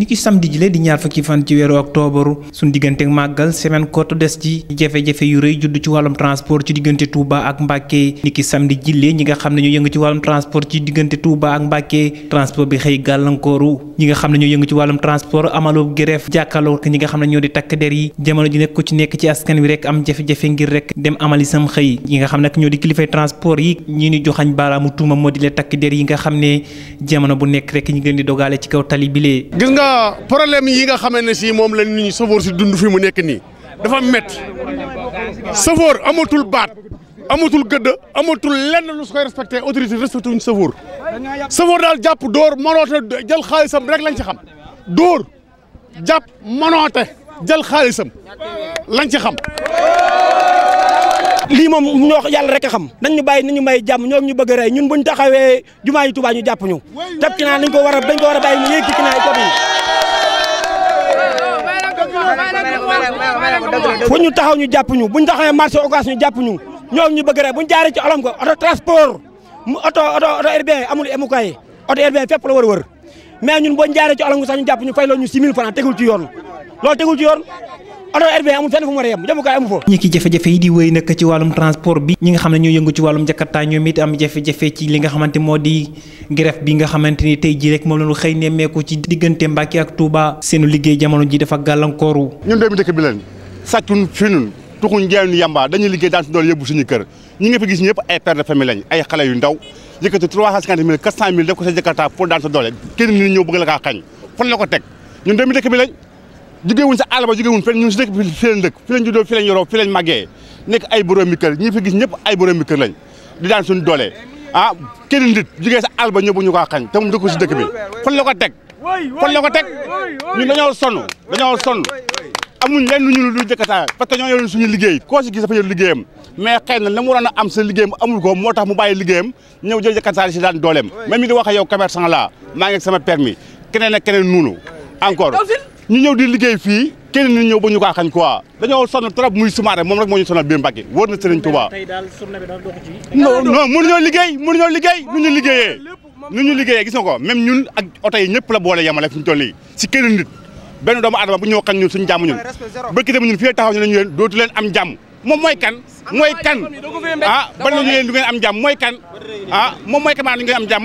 niki samedi ji le di ñaar fukki fan ci weeru octobre suñ diggante magal semaine cote des ji jafe-jafe yu reuy judd ci walum transport ci digënté Touba ak mbacké niki samedi ji le ñi nga xamna ñu yëng ci walum transport ci digënté Touba ak mbacké transport bi xey galankoru ñi nga xamna ñu yëng ci walum transport amalo grève jakkalo ak ñi nga xamna ne ñoo di tak der yi jëmono ji nekk ci nekk ci askan wi rek am jafe-jafe ngir rek dem amali sam xey ñi nga xamna di kilifay transport yi ñi ni joxañ baramu tuuma moo di le takk der yi nga xam jëmono bu nekk rek ñi gën di dogalé ci kaw tali bi nga nga problème yi nga xamee ne si moom la nit ñi safoor si dund fii mu nekk nii dafa met safoor amatul baat amatul gëdd amatul lenn lu su koy respecté autorité respecté wuñ safoor daal jàpp dóor mënoote jël xaalisam rek lañ ci xam door jàpp mënoote jël xaalisam lañ ci xam. lii moom ñu wax yàlla rek xam nañ ñu bàyyi nañu may jàmm ñoom ñu bëgg a rey ñun buñ taxawee jumaa yi Tuubaa ñu jàpp ñu teg ci naa dañ ko war a dañ ko war a bàyyi ñu yéeg ci naa yi fu ñu taxaw ñu jàpp ñu bu ñu taxawee ñu jàpp ñu ñoom ñu bëgg bu ñu jaaree ci olom ko auto transport mu auto auto auto urbain amul emukaay auto urbain fépp la wër-wër mais ñun boo ñu jaaree ci olom ko sax ñu jàpp ñu fay loolu ñu 6000 francs tegul ci yoon loolu tegul ci yoon oto RB amul fenn fu mu war a yem jamukaay amu fa ñi ki jafe-jafe yi di wéy nag ci wàllum transport bi ñi nga xam ne ñoo yëngu ci wàllum jakarta ñoom it am jafe-jafe ci li nga xamante moo di grève bi nga xamante ni tey ji rek moom lañu xëy nemmeeku ci diggante Mbàkke ji dafa gàllankooru ñun doomi dëkk bi leen sàccun fi nun tuxuñ jaayuñ yamba dañuy liggéey daan si dool yóbbu suñu kër ñi nga fi gis ñëpp ay père de famille ay xale yu ndaw yëkkati 350 mille mille def ko sa jakarta pour daan sa doole kenn nit ñëw bëgg la kaa jugewuñ sa àll ba jugewuñ fenn ñun si dëkk fi leen dëkk fi leen juddoo fi leen yoroo fi leen màggee nekk ay boroomi kër ñi gis ñëpp ay boroomi kër lañ di daan suñu doole ah kenn nit jugee sa àll ba ñëbu ñu ko xañ te mu si dëkk bi fan la ko teg fan la ko teg ñun dañoo sonn dañoo sonn amuñ lenn ñu lu jëkkataa parce que ñoo yoroon suñu liggéey koo si gis dafa yor liggéeyam mais xëy na la mu waroon a am sa liggéeyam amul ko moo tax mu bàyyi liggéeyam ñëw jël jëkkataa si daan dooleem même mi di wax yow commerçant la maa ngi sama keneen ak keneen noonu ñu ñëw di liggéey fii kenn ni ñëw ba ñu kaa xañ quoi dañoo sonn trop muy Soumaré moom rek moo ñu sonal biir Mbacke wóor na Serigne Touba. non non mënuñoo liggéey mënuñoo liggéey nu ñu liggéeyee nu ñu liggéeyee gis nga ko même ñun oto yi ñëpp la boole yemale fi ñu toll yi si kenn nit benn doomu adama bu ñëw xañ ñun suñu jàmm ñun bëkki dem ñun fii taxaw ñu ne ñu leen dootu am jàmm moom mooy kan mooy kan ah ban ñu leen du ngeen am jàmm mooy kan ah, moom mooy kan maa du ngeen am jàmm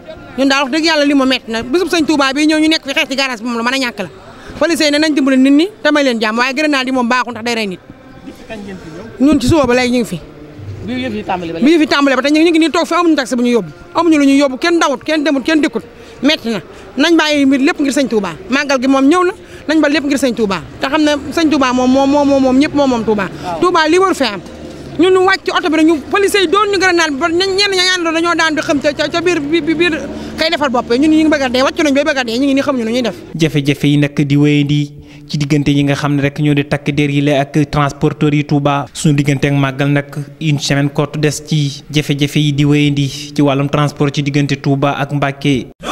ñun daal wax dëgg yàlla li mu metti na bisub sëñ Touba bi ñëw ñu nekk fi xeex ci garage bi moom la mën a ñàkk la police yi ne nañ dimbali nit ñi te may leen jàmm waaye grenade moom baaxul ndax day nit ñun ci suba ba lay ñu ngi fi bi yëf yi tàmbale ba tey ñu toog fi amuñu taxi bu ñu yóbbu amuñu lu ñu yóbbu kenn dawut kenn demut kenn dikkut metti na nañ bàyyi mbir lépp ngir sëñ Touba màggal gi moom ñëw na nañ ba lépp ngir sëñ Touba te xam ne sëñ moom moom moom moom ñëpp moom moom Touba Touba ñun ñu wàcc ci oto bi rek ñu police yi doon ñu grenade ba ñenn ña ñaanaloo dañoo daan di xam ca ca biir bi biir kay defal bopp ñu ngi bëgg a dee wàcc nañ bay bëgg dee ñu ngi ni xam ñu nu ñuy def. jafe-jafe yi nag di wéyandi ci diggante yi nga xam ne rek ñoo di takk der yi la ak transporteurs yi Touba. suñu diggante ak màggal nag une semaine courte des ci jafe-jafe yi di wéyandi ci wàllum transport ci diggante Touba ak Mbacké.